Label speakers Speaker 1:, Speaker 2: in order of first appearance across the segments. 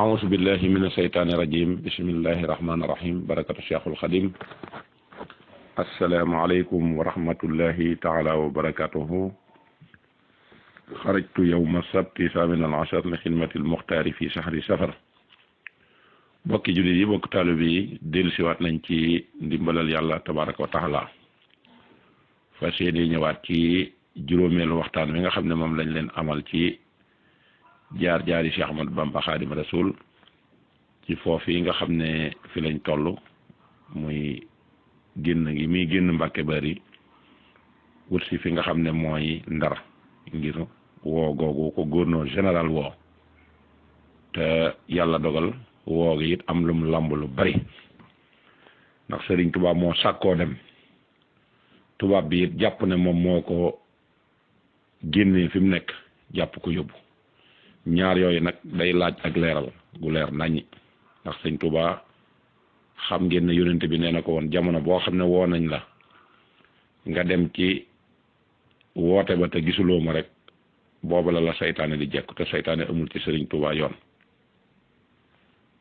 Speaker 1: أعوذ بالله من الشيطان الرجيم بسم الله الرحمن الرحيم بركة الشيخ الخديم السلام عليكم ورحمة الله تعالى وبركاته خرجت يوم السبت الثامن العشر لخدمة المختار في شهر سفر bokki جديد yi bokk دل سوات dellusiwaat دمبل ci ndimbalal yàlla tabaraka wa taala fas yéene ñëwaat ci juróomeelu waxtaan jaar jaari Cheikh Ahmad Bamba Xaadim Rasul ci foofu yi nga xam ne fi lañ toll muy génn gi muy génn Mbàkke Bari wut si fi nga xam ne mooy Ndar ngir woo googu ko gouverneur général woo te yàlla dogal woo gi it am lu mu lamb lu bari ndax Sëriñ Tuubaa moo sàkkoo dem tubaab bi it jàpp ne moom moo ko génnee fi mu nekk jàpp ko yóbbu ñaar yooyu nag day laaj ak leeral gu leer naññi ndax sëñ Tuubaa xam ngeen ne yonent bi nee na ko woon jamono boo xam ne woo nañ la nga dem ci woote ba te gisuloo ma rek booba la la saytaane di jekk te saytaane amul ci sëriñ Tuubaa yoon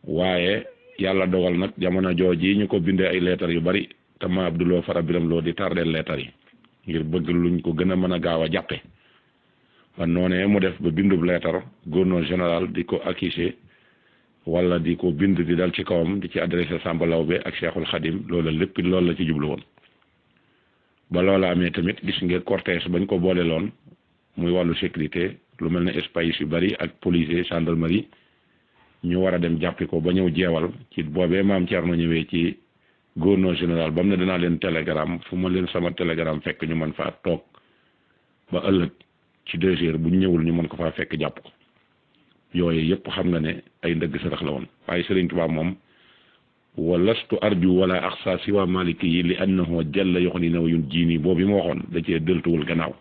Speaker 1: waaye yàlla dogal nag jamono jooju yi ñu ko bindee ay leetar yu bari te ma Abdoulou Fara Biram loo di tardeel leetar yi ngir bëgg luñ ko gën a mën a gaaw a jàppe kon noonee mu def ba bindub leetar gouverneur général di ko accuser wala di ko bind di dal ci kawam di ci adressé Samba Lawbe ak Cheikhul Khadim loola lépp loolu la ci jublu woon ba loola amee tamit gis nga cortège bañ ko boole loon muy wàllu sécurité lu mel ne espace yu bari ak police gendarmerie ñu war a dem jàppi ko ba ñëw jeewal ci boobee maam Thierno ñëwee ci gouverneur général ba mu ne danaa leen télégramme fu ma leen sama télégramme fekk ñu man faa toog ba ëllëg ci deux heures bu ñëwul ñu mën ko faa fekk jàpp ko yooyu yëpp xam na ne ay ndëgg sarax la woon waaye Sëriñ Tuubaa moom wa lastu arju wala axsa siwa maliki yi li annahu jalla yoxni na yun jiini boobu ma waxoon da cee dëltuwul gannaaw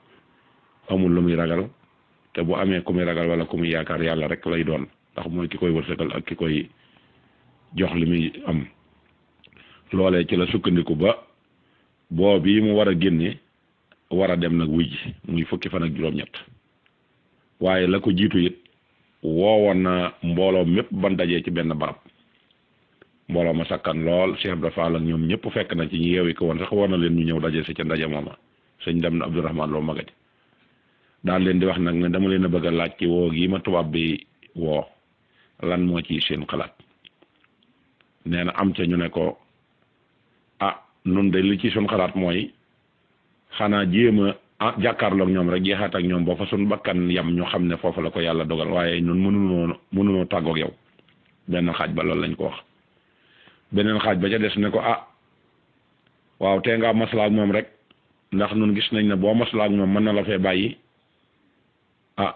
Speaker 1: amul lu muy ragal te bu amee ku muy ragal wala ku muy yaakaar yàlla rek lay doon ndax mooy ki koy wërsëgal ak ki koy jox li muy am loole ci la sukkandiku ba boo bii mu war a génne war a dem nag wuy ji muy fukki fan ak juróom-ñett waaye la ko jiitu it woowoon na mbooloo mépp ban dajee ci benn barab mbooloo ma sakkan lool Cheikh Ibra Fall ak ñoom ñëpp fekk na ci ñu yeewi ko woon sax war na leen ñu ñëw daje si ca ndaje a sëñ dem na Abdourahman loo magaj daan leen di wax nag ne dama leen a bëgg a laaj ci woo gii ma tubaab bi woo lan moo ci seen xalaat nee am ca ñu ne ko a ah, nun de li ci suñ xalaat mooy xanaa jéem a jàkkaarloog ñoom rek jeexaat ak ñoom ba fa suñu bakkan yam ñu xam ne foofu la ko yàlla dogal waaye ñun mënunoo mënunoo tàggoog yow benn xaaj ba loolu lañ ko wax beneen xaaj ba ca des ne ko ah waaw tee ngaa maslaa moom rek ndax nun gis nañ ne boo maslaa ak moom mën na la fee bàyyi ah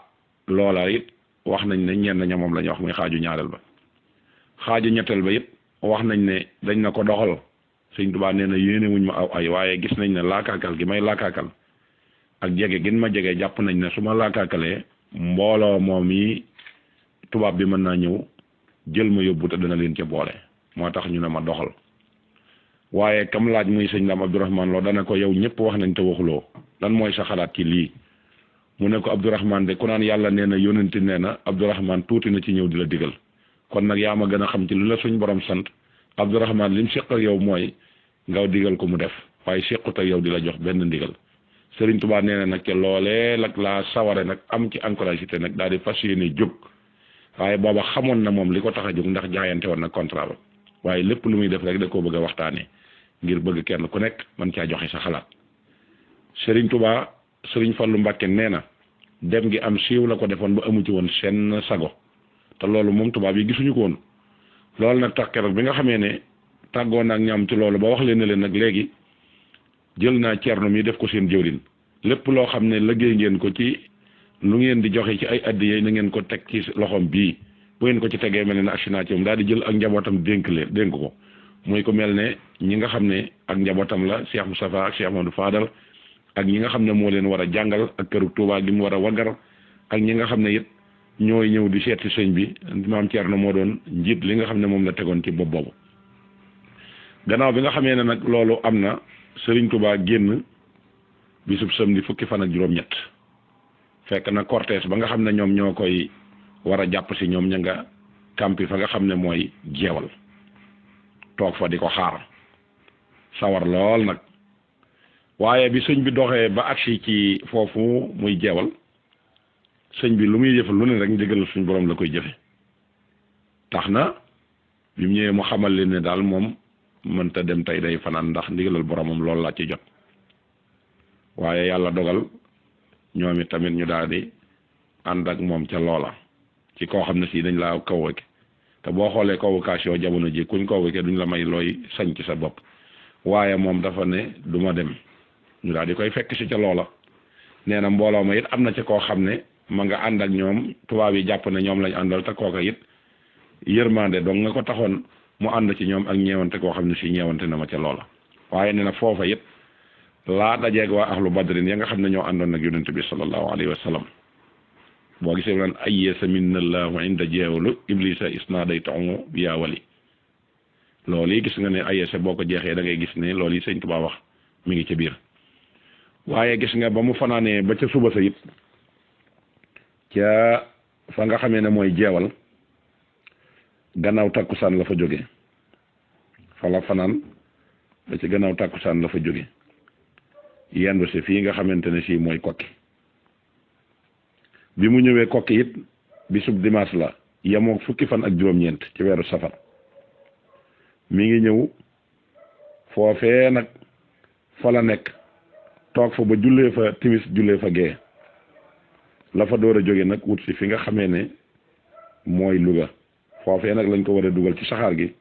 Speaker 1: loola it wax nañ ne ñenn ña moom la ñu wax muy xaaju ñaareel ba xaaju ñetteel ba it wax nañ ne dañ na ko doxal sëñ Tuubaa nee na yéene ma aw ay waaye gis nañ ne laakaakal gi may laakaakal ak jege gin ma jege jàpp nañ ne su ma laakaakalee mbooloo moom yi tubaab bi mën naa ñëw jël ma yóbbu te dana leen ca boole moo tax ñu ne ma doxal waaye kam laaj muy sëñ Dame Abdourahmane Lo dana ko yow ñëpp wax nañ te waxuloo lan mooy sa xalaat ci lii mu ne ko Abdourahmane de ku naan yàlla nee na yónanti nee na Abdourahmane tuuti na ci ñëw di la digal kon nag yaa ma gën a xam ci lu la suñ borom sant. Abdourahman lim seq ak yow mooy ngaw digal ko mu def waaye sequt ak yow di la jox benn ndigal Serigne tubaa nee na nag ca loolee nag laa saware nag am ci encouragé te nag daal di fas yéene jóg waaye booba xamoon na moom li ko tax a jóg ndax jaayante woon na contrat ba waaye lépp lu muy def rek da koo bëgga a waxtaanee ngir bëgg kenn ku nekk mën caa joxe sa xalaat Serigne Touba Serigne Fallou Mbacké nee na dem ngi am siiw la ko defoon ba amu ci woon seen sago te loolu moom tubaab yi gisuñu ko woon. loolu nag tax keroog bi nga xamee ne tàggoo naag ñaam ci loolu ba wax leen ne leen nag léegi jël naa ceerno mi def ko seen jëwlin lépp loo xam ne liggéey ngeen ko ci lu ngeen di joxe ci ay addiya na ngeen ko teg ci loxoom bii bu ngeen ko ci tegee mel ne ak sinaa ci moom daal di jël ak njabootam dénk leen dénk ko mooy ko mel ne ñi nga xam ne ak njabootam la Cheikh Moustapha ak Cheikh du Fadal ak ñi nga xam ne moo leen war a jàngal ak këru Touba gi mu war a waggar ak ñi nga xam ne it ñoy ñew di setti señ bi maam tierno mo doon njit li nga xamne mom la tegoon ci bopp boobu gannaaw bi nga xamé ne nak loolu amna na Serigne Touba genn bisub samedi fukki fan ak juroom ñet fekk na cortège ba nga xamne ñom ñokoy wara japp ci ñom ñanga campi fa nga xamne moy jéwal tok fa di xaar sawar lool nak, waaye bi señ bi doxé ba aksi ci fofu muy jéwal sëñ bi lu muy jëfal lu ne rek ndigalul suñ borom la koy jëfe tax na bi mu ñëwee mu xamal leen ne daal moom mënta dem tey day fanaan ndax ndigalal boromam loolu laa ci jot waaye yàlla dogal ñoom it tamit ñu daal di ànd ak moom ca loola ci koo xam ne si dañ la laa convoqué te boo xoolee convocation jamono ji kuñ convoqué duñ la may looy sañ ci sa bopp waaye moom dafa ne duma dem ñu daal di koy fekk si ca loola nee na mbooloo ma it am na ca koo xam ne ma nga ànd ak ñoom tubaab yi jàpp na ñoom lañ àndal te kooka it yërmande dong nga ko taxoon mu ànd ci ñoom ak ñeewante koo xam ne si ñeewante na ma ca loola waaye ne na foofa it laa dajeeg waa ahlu badrin ya nga xam ne ñoo àndoon nag yonente bi sallallahu alayhi wa sallam boo gisee mu naan ayyesa minna allahu inda jeewalu iblisa isnaaday taxu yaa wali loolu yi gis nga ne ayyesa boo ko jeexee da ngay gis ne lool yi sëñ Tuubaa wax mi ngi ca biir waaye gis nga ba mu fanaanee ba ca suba sa it ca fa nga xamee ne mooy jeewal gannaaw tàkkusaan la fa jóge fa la fanaan ba ci gannaaw tàkkusaan la fa jóge yendu si fii nga xamante ne sii mooy kokki bi mu ñëwee kokki it bisub dimanche la yemoo fukki fan ak juróom-ñeent ci weeru safar mi ngi ñëw foofee nag foo la nekk toog fa ba jullee fa timis jullee fa gee la fa door a jóge nag wut fi nga xamee ne mooy Louga foofee nag lañ ko war a dugal ci saxaar gi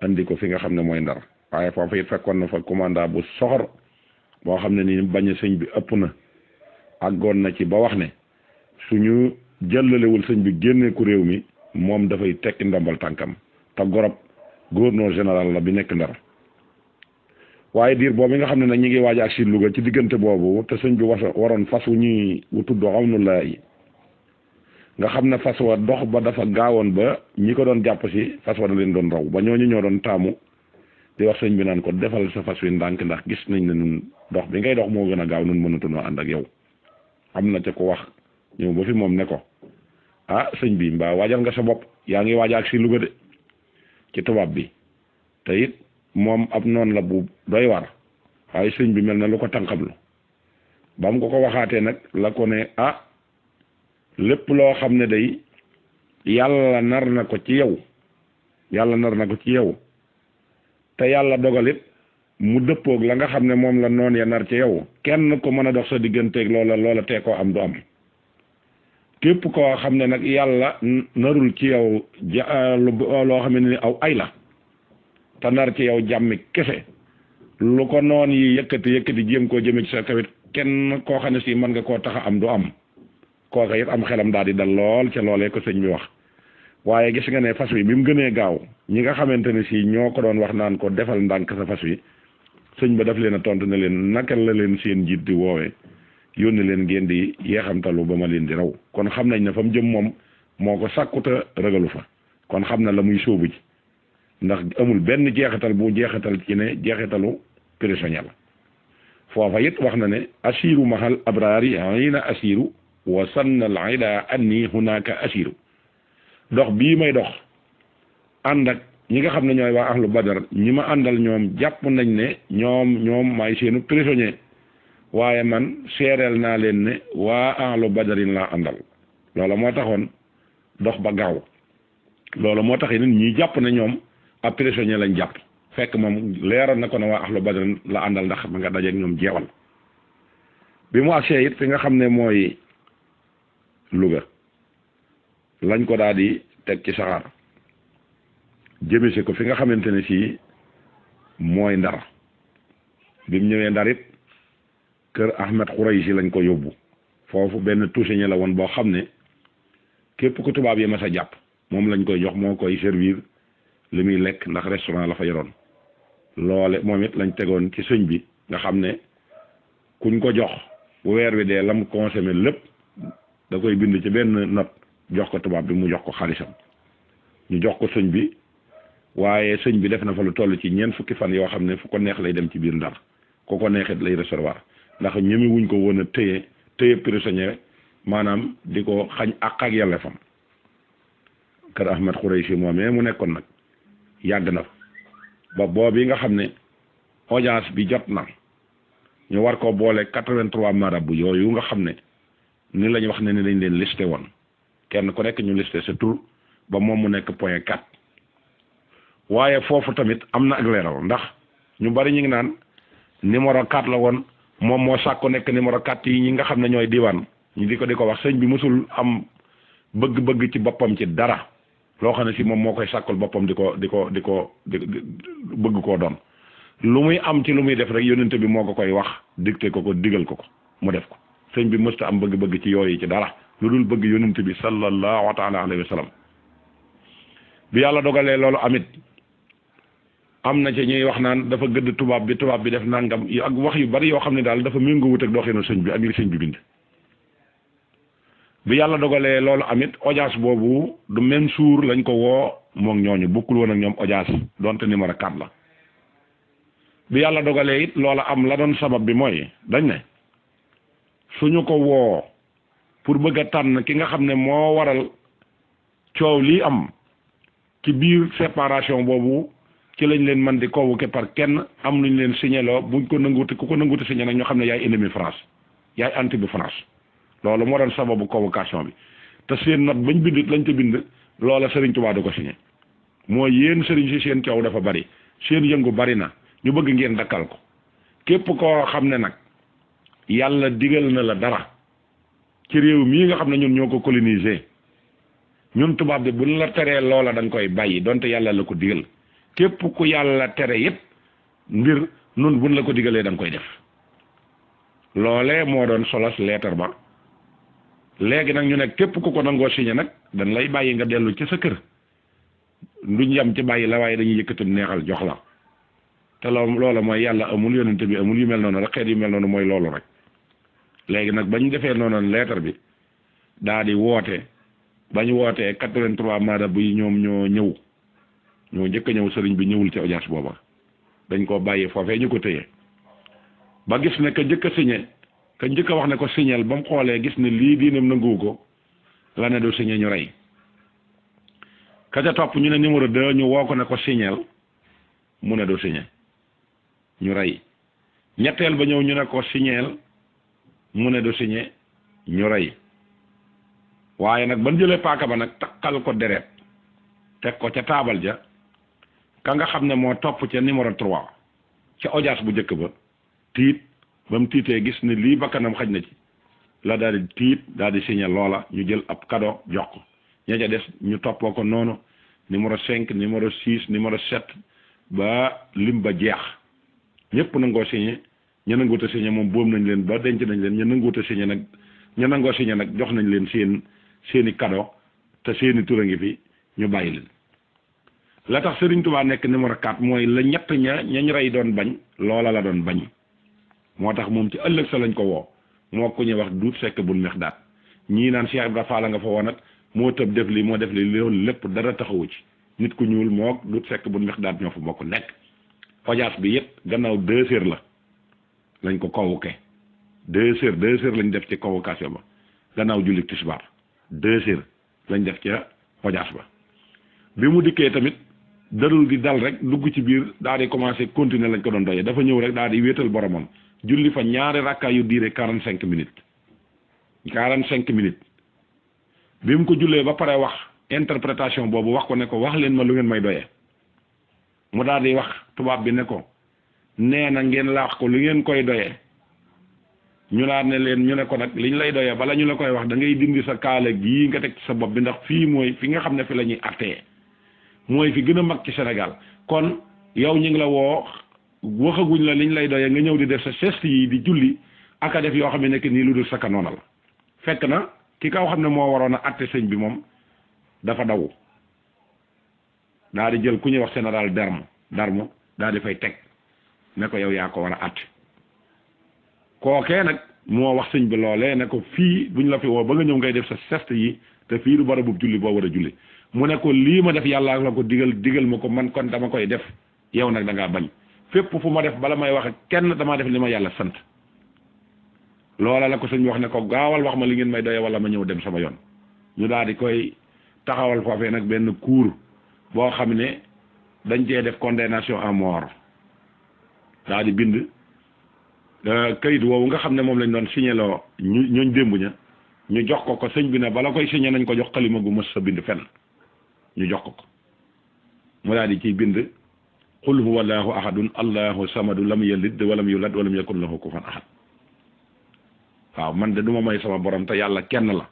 Speaker 1: andi ko fi nga xam ne mooy Ndar waaye foofu it fekkoon na fa commandant bu soxor boo xam ne ni bañ sëñ bi ëpp na ak àggoon na ci ba wax ne suñu jëllalewul sëñ bi génnee ku réew mi moom dafay tekki ndombal tànkam te gorob gouverneur général la bi nekk Ndar waaye diir boobu nga xam ne nag ñu ngi waaj ak si Louga ci diggante boobu te sëñ bi wasa waroon fas wu ñuy wu tudd xaw nu laay nga xam ne fas wa dox ba dafa gaawoon ba ñi ko doon jàpp si fas wa da doon raw ba ñooñu ñoo doon taamu di wax sëñ bi naan ko defal sa fas wi ndànk ndax gis nañ ne nun dox bi ngay dox moo gën a gaaw nun mënatunoo ànd ak yow am na ca ko wax ñëw ba fi moom ne ko ah sëñ bi mbaa waajal nga sa bopp yaa ngi waaja ak si Louga de ci tubaab bi te moom ab noon la bu doy war waaye sëñ bi mel na lu ko tànqablu ba mu ko ko waxaatee nag la ko ne ah lépp loo xam ne day yàlla nar na ko ci yow yàlla nar na ko ci yow te yàlla dogalit mu dëppoog la nga xam ne moom la noon ya nar ci yow kenn ko mën a dox sa digganteeg loola loola tee koo am du am képp koo xam ne nag yàlla narul ci yow ja loo xam ne ni aw ay la te nar ci yow jàmmi kese lu ko noon yi yëkkati yëkkati jéem koo jëme ci sa kawit kenn koo xam ne si mën nga koo tax a am du am koo it am xelam daal di dal lool ca loolee ko sëñ bi wax waaye gis nga ne fas wi bi mu gënee gaaw ñi nga xamante ne si ñoo ko doon wax naan ko defal ndànk sa fas wi sëñ ba daf leen a tontu ne leen naka la leen seen jiit di woowee yónni leen ngeen di yeexamtalu ba ma leen di raw kon xam nañ ne fa mu jëm moom moo ko sàkkuta ragalu fa kon xam na la muy sóobu ci ndax amul benn jeexital bu jeexital ci ne jeexitalu prisonnier la foofa it wax na ne asiru mahal abrari ayna asiru wa sanna al ila anni hunaka asiru dox bii may dox ànd ak ñi nga xam ne ñooy waa ahlu badar ñi ma àndal ñoom jàpp nañ ne ñoom ñoom may seenu prisonnier waaye man seereel naa leen ne waa ahlu badarin laa àndal loola moo taxoon dox ba gaaw loola moo tax ñi jàpp ne ñoom ab prisonnier lañ jàpp fekk leral nako na wa ne waa ahlu badr la andal ndax ma nga dajeeg ñom jéwal bi mu agsee it fi nga xam moy luga lañ ko daal di teg ci saxaar ci ko fi nga xamantene ci moy ndar bi mu ñëwé ndarit Ahmed Khouraysi lañ ko yobbu fofu ben touché ñala won bo xam képp ku tubab yi mas a jàpp lañ koy jox mo koy servir li muy lekk ndax restaurant la fa yoroon loole moom it lañ tegoon ci sëñ bi nga xam ne kuñ ko jox bu weer wi dee lam consommé lépp da koy bind ci benn not jox ko tubaab bi mu jox ko xaalisam ñu jox ko sëñ bi waaye sëñ bi def na fa lu toll ci ñeent fukki fan yoo xam ne fu ko neex lay dem ci biir ndar ku ko neexit lay recevoir ndax ñeme ko woon a téye téye prisonnier maanaam di ko xañ ak ak yàlla fam kër Ahmad Khoureychi moomee mu nekkoon nag yàgg na ba boobu nga xam ne audience bi jot na ñu war ko boole quatre-vingt-trois marabu yooyu nga xam ne ni lañu wax ne ni lañ leen listé woon kenn ku nekk ñu listé sa ba moom mu nekk point quatre waaye foofu tamit am na ak leeral ndax ñu bari ñu ngi naan numéro quatre la woon moom moo sàkku nekk numéro quatre yi ñi nga xam ne ñooy diwaan ñu di ko di ko wax sëñ bi musul am bëgg-bëgg ci boppam ci dara loo xam ne si moom moo koy sàkkul boppam di ko di ko di ko di bëgg koo doon lu muy am ci lu muy def rek yónnente bi moo ko koy wax dicté ko ko digal ko ko mu def ko sëñ bi mësta am bëgg-bëgg ci yooyu ci dara lu dul bëgg yónnente bi sallallahu taala alayhi wa sallam bi yàlla dogalee loolu amit am na ci ñuy wax naan dafa gëdd tubaab bi tubaab bi def nangam ak wax yu bari yoo xam ne daal dafa méngoo wut ak doxinu sëñ bi ak li sëñ bi bind bi yalla dogalee lolu amit audience bobu du même jour lañ ko woo moom ñooñu bokkul won ak ñoom audience donte numéro 4 la bi yalla dogalee it lolu am la don sabab bi moy dañ ne suñu ko wo pour bëgg tan ki nga xam mo waral ciow li am ci biir séparation bobu ci lañ leen man di convoquer par kenn am luñ leen signaloo buñ ko nanguwute ku ko nanguwute signé nak ñoo xam yaay ennemi France yaay anti bi France loolu moo doon sababu convocation bi te seen note bañ bind lañ ko bind loola Serigne Touba da ko signé moo yéen Serigne si seen coow dafa bari seen yëngu bari na ñu bëgg ngeen dakkal ko képp koo xam ne nag yàlla digal na la dara ci réew mii nga xam ne ñun ñoo ko colonisé ñun tubaab bi buñ la teree loola da koy bàyyi donte yàlla la ko digal képp ku yàlla tere yépp mbir nun buñ la ko digalee da koy def loolee moo doon solos leetar ba. léegi nag ñu ne képp ku ko nangoo signé nag dañ lay bàyyi nga dellu ci sa kër duñ yam ci bàyyi la waaye dañuy yëkkatam neexal jox la te loola mooy yàlla amul yonent bi amul yu mel noonu rek xeet yu mel noonu mooy loolu rek léegi nag bañ defee noonu leetar bi daa di woote bañ wootee quatre-vingt-trois ñoom ñoo ñëw ñoo njëkk ñëw sëriñ bi ñëwul ci audience booba dañ koo bàyyi foofee ñu ko téye ba gis ne que njëkk kañ njëkk a wax ne ko signal ba mu xoolee gis ne lii diinam nanguwu ko la ne doo signé ñu rey ka ca topp ñu ne numéro deux ñu woo ko ne ko signal mu ne doo signé ñu rey ñetteel ba ñëw ñu ne ko mu ne doo ñu rey waaye nag ban jëlee paaka ba nag taqal ko deret teg ko ca taabal ja ka nga xam ne moo topp ca numéro trois ca audience bu njëkk ba tiit bam tité gis ni li bakanam xajna ci la dal di tiit daal di signé lola ñu jël ab cadeau jox ko ña ca des ñu topo ko noonu numéro 5 numéro 6 numéro 7 ba lim ba jeex ñëpp nangoo signé ña nangoo ta signé mom boom nañ leen ba denc nañ leen ña nangoo ta signé nak ña nangoo signé nak jox nañ leen seen seeni cadeau ta seeni turangi fi ñu bàyyi leen la tax serigne touba nek numéro 4 moy la ñett ña ñañ ray doon bañ lola la doon bañ moo tax moom ci ëllëg sa lañ ko woo moo ko ñuy wax duut sekk bul mex daat ñii naan Cheikh Ibra Fall nga fa woon ak moo tëb def lii moo def lii loolu lépp dara taxawu ci nit ku ñuul moo duut sekk bul mex daat ñoo fa bokk nekk fajaas bi yëpp gannaaw deux heures la lañ ko convoqué deux heures deux heures lañ def ci convocation ba gannaaw jullit tisbaar deux heures lañ def ca fajaas ba bi mu dikkee tamit darul di dal rek dugg ci biir daal di commencé continuer lañ ko doon doyee dafa ñëw rek daal di wéetal boromam julli fa ñaari rakkaa yu diire quarante cinq minutes quarante cinq minutes bi mu ko jullee ba pare wax interprétation boobu wax ko ne ko wax leen ma lu ngeen may doyee mu daal di wax tubaab bi ne ko nee na ngeen la wax ko lu ngeen koy doyee ñu laa ne leen ñu ne ko nag ñu lay doyee bala ñu la koy wax da ngay dindi sa kaala gii nga teg sa bopp bi ndax fii mooy fi nga xam ne fi la ñuy attee moy fi gëna mag ci sénégal kon yow ñing la woo waxaguñ la liñ lay doye nga ñëw di def sa geste yi di julli ak def yo xam nek ni luddul sa dul la fekk na ki ka xamné mo warona atté a sëñ bi mom dafa daw daa di jël ku ñu wax général darmo darmo daa di fay tek ne ko yow ya ko wara atté ko ké nak mo wax sëñ bi lolé ne ko fi buñ la fi wo ba nga ñëw ngay def sa geste yi te fi du bu julli bo wara julli mu ne ko lii ma def yalla la ko digal digal mako man kon dama koy def yow nak da nga bañ fépp fu ma def bala may wax kenn dama def lima yalla sante sant la ko sëñ wax ne ko gawal wax ma li ngeen may doye wala ma ñew dem sama yoon ñu daal di koy taxawal fofé nak ben cour bo xamné dañ jé def condamnation à mort daal di bind euh, kayit wo nga xamné mom lañ doon lo ñu ñu dembu ñu jox ko ko señ bi ne bala koy signé nañ ko jox xalima gu bind fenn ñu jox ko ko mu daal di ciy bind qul huwa allahu ahadun allahu samadu lam yalid walam yulad walam yakun lahu kufan ahad waaw man de du ma may sama borom te yàlla kenn la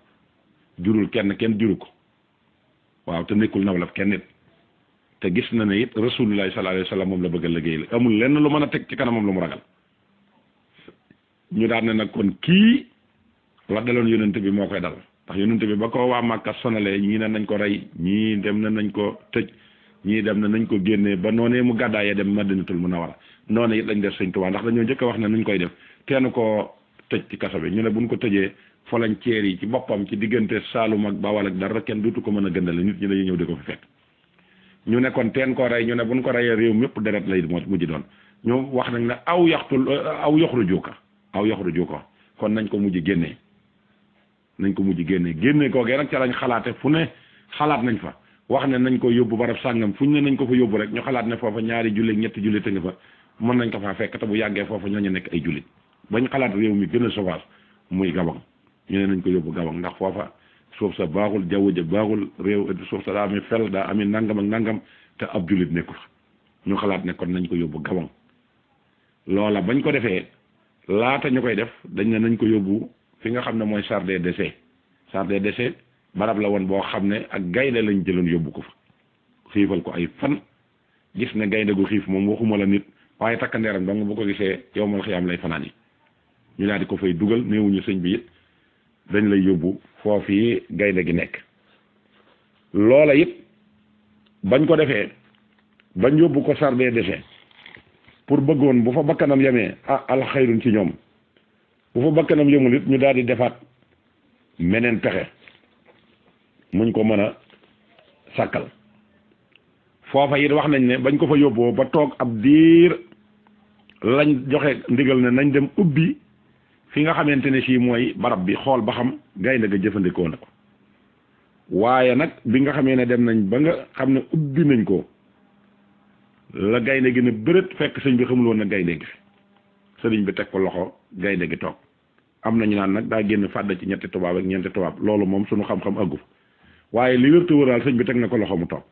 Speaker 1: jurul kenn kenn juru ko waaw te nekkul nawlaf kenn nit te gis na ne it rasulullahi sallallahu alayhi wa sallam moom la bëgg a liggéey la amul lenn lu mën a teg ci kanamam lu mu ragal ñu daan ne nag kon kii la daloon yonent bi moo koy dal ndax yonente bi ba ko waa Màkka sonalee ñii ne nañ ko rey ñii dem na nañ ko tëj ñii dem na nañ ko génnee ba noonee mu gàddaayee dem mu madinatul munawara noonu it lañ def sëñ Tuubaa ndax dañoo jëkk a wax ne nuñ koy def kenn koo tëj ci kaso bi ñu ne bu buñ ko tëjee folañceer yi ci boppam ci diggante Saalum ak Bawal ak dara kenn duutu ko mën a gëndale nit ñi dañuy ñëw di ko fi fekk ñu ne kon teen koo rey ñu ne bu buñ ko reyee réew mépp deret lay moo mujj doon ñu wax nañ ne aw yaxtul aw yoxru juuka aw yoxru juuka kon nañ ko mujj génnee nañ ko mujj génne génne googee nag ca lañ xalaate fu ne xalaat nañ fa wax ne nañ ko yóbbu barab sàngam fu ñu ne nañ ko fa yóbbu rek ñu xalaat ne foofa ñaari jullit ñetti jullit a nga mën nañ ko faa fekk bu yàggee foofa ñooñu nekk ay jullit bañ xalaat réew mi gën a sauvage muy ñu ne nañ ko yóbbu gabang ndax foofa suuf sa baaxul jaww ja baaxul réew suuf sa daa amee fel daa amee nangam nangam te ab jullit nekkul ñu xalaat ne nañ ko yóbbu gabang loola bañ ko defee laata ñu koy def dañ ne nañ ko yóbbu fi nga xam ne mooy char des déchets char barab la woon boo xam ne ak gaynde lañu jëloon yóbbu ko fa xiifal ko ay fan gis ne gaynde gu xiif moom waxuma la nit waaye takkandeeram dong bu ko gisee yow mal xiyaam lay fanaan yi ñu daal di ko fay dugal néewuñu sëñ bi it dañ lay yóbbu foofii gaynde gi nekk loola it bañ ko defee bañ yóbbu ko char des déchets pour bëggoon bu fa bakkanam yamee ah alxayrun ci ñoom bu fa bakkanam yëmul it ñu daal di defaat meneen pexe muñ ko mën a sàkkal foofa it wax nañ ne bañ ko fa yóbboo ba toog ab diir lañ joxe ndigal ne nañ dem ubbi fi nga xamante ne sii mooy barab bi xool ba xam gaynde ga jëfandikoo na ko waaye nag bi nga xamee ne dem nañ ba nga xam ne ubbi nañ ko la gaynde gi ne bërët fekk sëñ bi xamul na gaynde gi sëriñ bi teg ko loxo gaynde gi toog am nañu naan nag daa génn fàdd ci ñetti tubaab ak ñeenti tubaab loolu moom suñu xam-xam ëggu waaye li wértu wëraal sëñ bi teg na ko loxo mu toog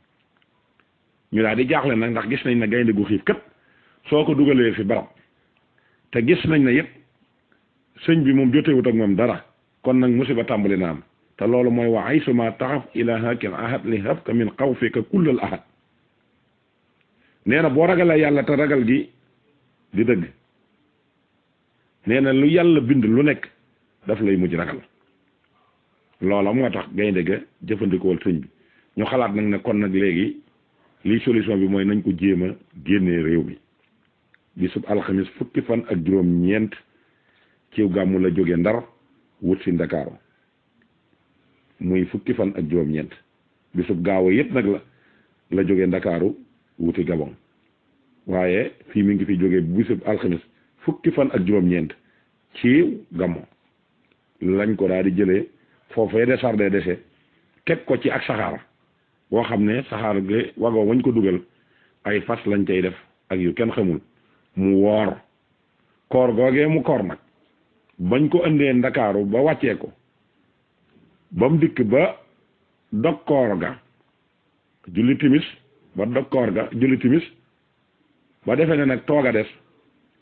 Speaker 1: ñu daal di jaaxle nag ndax gis nañ ne gaynde gu xiif kat soo ko dugalee fi barab te gis nañ na yëpp sëñ bi moom jotewut ak moom dara kon nag musiba tàmbali na am te loolu mooy wax wa aysuma taxaf ila hakil ahad li habka min xawfika kullal ahad nee na boo ragalee yàlla te ragal gi di dëgg nee na lu yàlla bind lu nekk daf lay mujj ragal loola moo tax gaynde ga jëfandikoo sëñ bi ñu xalaat nag ne kon nag léegi lii solution bi mooy nañ ko jéem a génnee réew mi bisub alxamis fukki fan ak juróom ñeent ciw gàmmu la jóge ndar wut si ndakaaru muy fukki fan ak juróom ñeent bisub gaaw yëpp nag la la jóge ndakaaru wuti gabon waaye fii mu ngi fi jóge bu bisub alxamis fukki fan ak juróom-ñeent ci gamo lañ ko daal di jëlee foofee de sardee dese teg ko ci ak saxaar boo xam ne saxaar ge wagoo wañ ko dugal ay fas lañ cay def ak yu kenn xamul mu woor koor googee mu koor nag bañ ko indee ndakaaru ba wàccee ko ba dikk ba dog koor ga julli timis ba dog koor ga julli timis ba defee ne nag tooga a des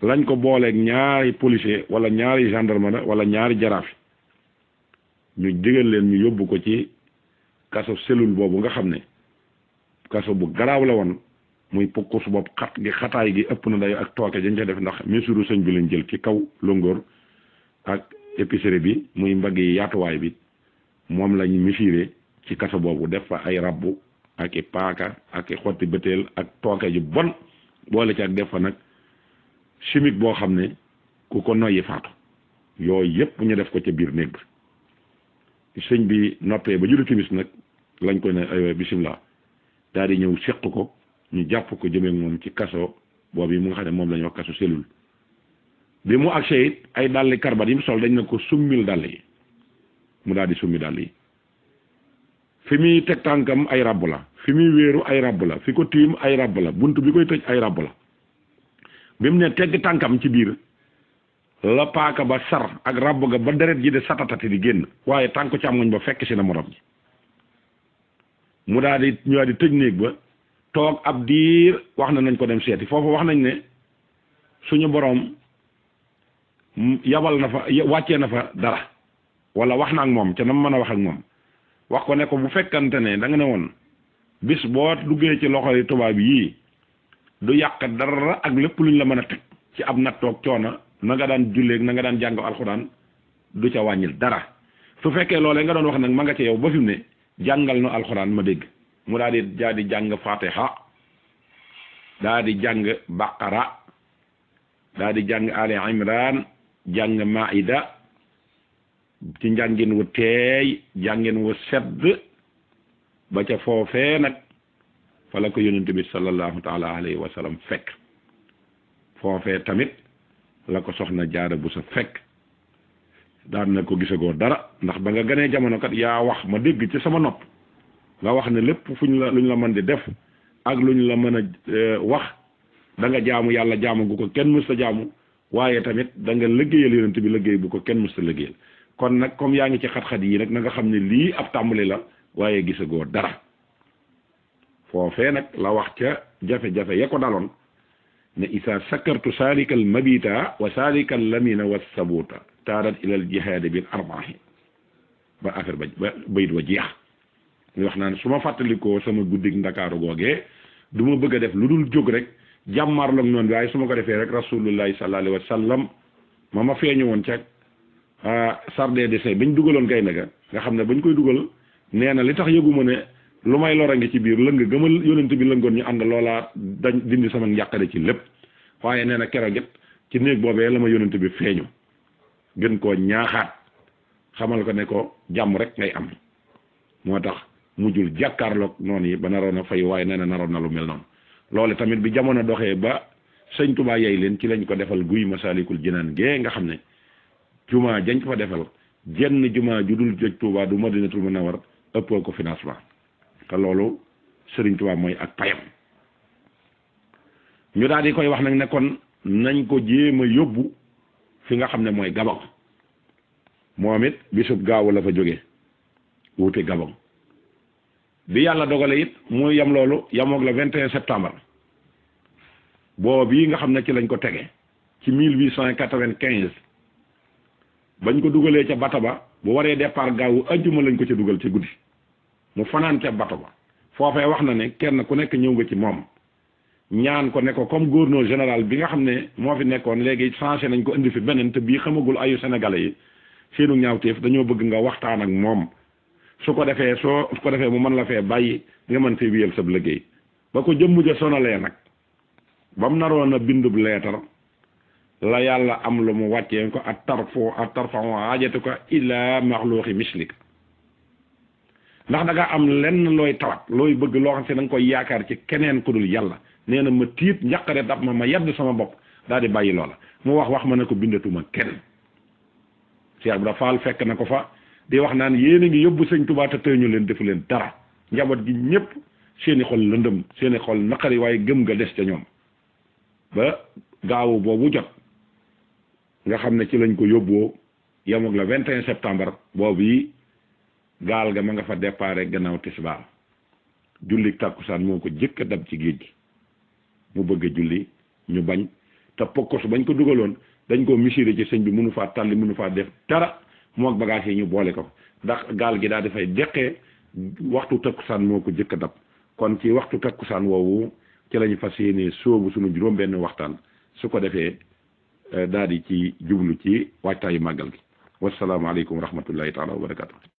Speaker 1: lañ ko ak ñaari policier wala ñaari gendarmerie mana, wala ñaari jaraafi ñu digël leen ñu yóbbu ko ci kaso cellule boobu nga xam ne kaso bu garaaw la woon muy su bopp xat gi xataay gi ëpp na dayo ak tooke dañ ca def ndax mesure sëñ bi lañ jël ci kaw longor ak épicerie bi muy mbagg bi moom lañ misiré ci kaso boobu def fa ay rabbu ak paaka ak xotti ak tooke ju bon boole ci ak def fa nag chimique boo xam ne ku ko noyyi faatu yooyu yëpp ñu def ko ca biir néeg bi sëñ bi noppee ba julli timis nag lañ ko ne aywa bisimilah daal di ñëw seq ko ñu jàpp ko jëmee moom ci kaso boobu yi mu nga xam ne moom la ñu wax kaso cellule bi mu agsee it ay dàlli karbat yi mu sol dañ ne ko summil dàll yi mu daal di summi dàll yi fi muy teg tànkam ay ràbb la fi muy wéeru ay ràbb la fi ko tiim ay ràbb la bunt bi koy tëj ay ràbb la bim ne tegg tankam ci bir la paaka ba sar ak rabb ga ba deret gi de satatati di waye tanku ci amuñ ba fekk ci na morom ji mu daal di ñu daal di tëj néeg ba tok ab dir wax na nañ ko dem seeti fofu wax nañ ne suñu borom yabal na fa wacce na fa dara wala wax na ak mom ci nam mëna wax ak mom wax ko ne ko bu fekkante ne da nga ne won bis bo ci loxoy yi bi du yàq dara ak lépp luñ la mën a teg ci ab nattoog coono na nga daan julleeg na nga daan jàng alxuraan du ca wàññil dara su fekkee loolee nga doon wax nag ma nga ca yow ba fi mu ne jàngal nu alxuraan ma dégg mu daa di daa jàng fatiha daa jàng baqara daa jàng ali imran jàng maida ci njàngin wu teey jàngin wu sedd ba ca foofee nag fa la ko yonent bi sallallahu taala alayhi wa sallam fekk foofee tamit la ko soxna jaara bu sa fekk daan na ko gisagoo dara ndax ba nga ganee jamono kat yaa wax ma dégg ci sama nopp nga wax ne lépp fuñ la luñ la mën di def ak lu ñu la mën a euh, wax da nga jaamu yàlla jaamu gu ko kenn mës ta jaamu waaye tamit da nga liggéeyal yonent bi liggéey bu ko kenn mës ta liggéeyal kon nag comme yaa ngi ci xat-xat yi nag na nga xam ne lii ab tàmbali la waaye gisagoo dara fofé nak la wax ca jafe-jafe yako dalon ne isa sakartu salika al mabita wa salika al lamina was sabuta tarat ila al jihad bil armaahi ba affaire ba ba bayit wa jeex ni wax nan suma ma sama guddik dakar goge duma bëgg def lu jóg rek jamar noonu non way suma ko defé rek rasulullah sallallahu alayhi wasallam sallam ma ma feeñu woon ca sardé dessin biñ dugaloon gaynde ga nga xamne bañ koy dugal nee li tax yëguma ne lu may lora ngi ci biir lëng gëma yónent bi lëngoon ñu ànd loolaa dañ dindi sama njàqare ci lépp waaye nee na keroog it ci néeg boobee la ma yónent bi feeñu gën koo ñaaxaat xamal ko ne ko jàmm rek ngay am moo tax mujjul jàkkaarloog noonu yi ba naroon a fay waaye nee na naroon na lu mel noonu loole tamit bi jamono doxee ba sëñ Tuubaa yey leen ci lañ ko defal guy Masaalikul Jinaan gee nga xam ne jumaa jañ ko fa defal jenn jumaa ju dul joj Tuubaa du Madinatul Munawwar ëppoo ko financement te loolu Sëriñ Tuubaa mooy ak payam ñu daal di koy wax nag nekkoon nañ ko jéem a yóbbu fi nga xam ne mooy Gabon moom it bisub gaawu la fa jóge wuti Gabon bi yàlla dogale it mu yam loolu yamoog le 21 septembre boobu bii nga xam ne ci lañ ko tege ci 1895 bañ ko dugalee ca bata ba bu waree départ gaawu ajjuma lañ ko ca dugal ci guddi mu fanaan ca bato foofee wax na ne kenn ku nekk ñëw nga ci moom ñaan ko ne ko comme gouverneur général bi nga xam ne moo fi nekkoon léegi changé nañ ko indi fi beneen te bii xamagul ayu sénégalais yi seenu ñaawteef dañoo bëgg nga waxtaan ak moom su ko defee soo su ko defee mu man la fee bàyyi nga mën fee wiyal sab liggéey ba ko jëmm ja sonalee nag ba mu naroon bindu bindub leetar la yàlla am lu mu wàccee ko at tarfo at tarfo ajatu ko ila maxluuxi mislika ndax da nga am lenn looy tawat looy bëgg loo xam si da nga koy yaakaar ci keneen ku dul yàlla nee na ma tiit njàqare dab ma ma yedd sama bopp daal di bàyyi loola mu wax wax ma ne ko bindatuma kenn cheikh bi faal fekk na ko fa di wax naan yéen a ngi yóbbu sëñ tubaa te tëñu leen defu leen dara njaboot gi ñëpp seeni xol lëndëm seeni xol naqari waaye gëm nga des ca ñoom ba gaawu boobu jot nga xam ne ci lañ ko yóbboo yam la 21 septembre boobu yi gal ga ma nga fa déparé gannaaw tisbaar julli takusan moko jëk dab ci géej mu bëgg julli ñu bañ ta pokos bañ ko dugaloon dañ ko misiré ci sëñ bi mënu fa tàlli mënu fa def tara mo ak bagage yi ñu bolé ko ndax gal gi daal dafay déxé waxtu takusan moko jëk dab kon ci waxtu takusan wowo ci lañu fas soobu suñu juroom benn waxtaan su ko defee eh, daal di ci jublu ci waajtaayu màggal gi wasalaamaaleykum wa rahmatullahi taala wa barakatuh